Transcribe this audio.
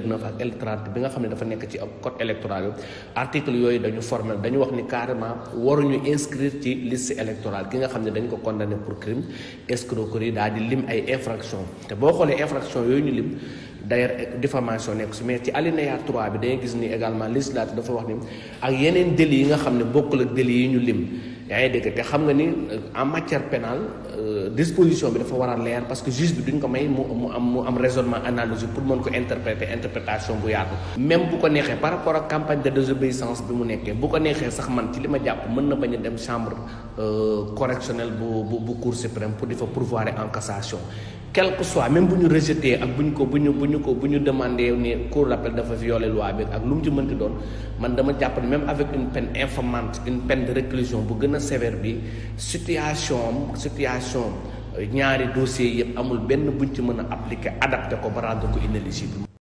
29 ak L30 bi nga xam ne dafa nekk ci code électoral bi article yooyu dañu formel dañu wax ni carrément waruñu inscrire ci list électorale gi nga xam ne dañ ko condamné pour crime escroquerie daal di lim ay infraction te boo xoolee infraction yooyu ñu lim d'ailleurs diffamation nekk si mais ci alinéa 3 bi dañuy gis ni également législateur dafa wax ni ak yeneen délits yi nga xam ne bokkul ak délits yi ñu lim yaa ngi dégg te xam nga ni euh, en matière pénale euh, disposition bi dafa war a leer parce que juge bi duñ ko may mu mu am mu am raisonnement pour mën ko interpréter interprétation bu yaatu. même bu ko neexee par rapport ak campagne de désobéissance bi mu nekkee bu ko neexee sax man ci li ma jàpp mën na bañ a dem chambre euh, correctionnelle bu bu bu cour suprême pour di fa pourvoir en cassation. quelque que soit même bu ñu rejeté ak bu ñu ko bu ñu bu ñu ko bu ñu demandee ni cour d'appel dafa violer loi bi ak lu mu mën mënti doon man dama jàpp ne même avec une peine infamante une peine de réclusion bu gën a sévère bi situation am situation ñaari dossiers yëpp amul benn buñ ci mën a appliquer adapté ko ba rendre ko inéligible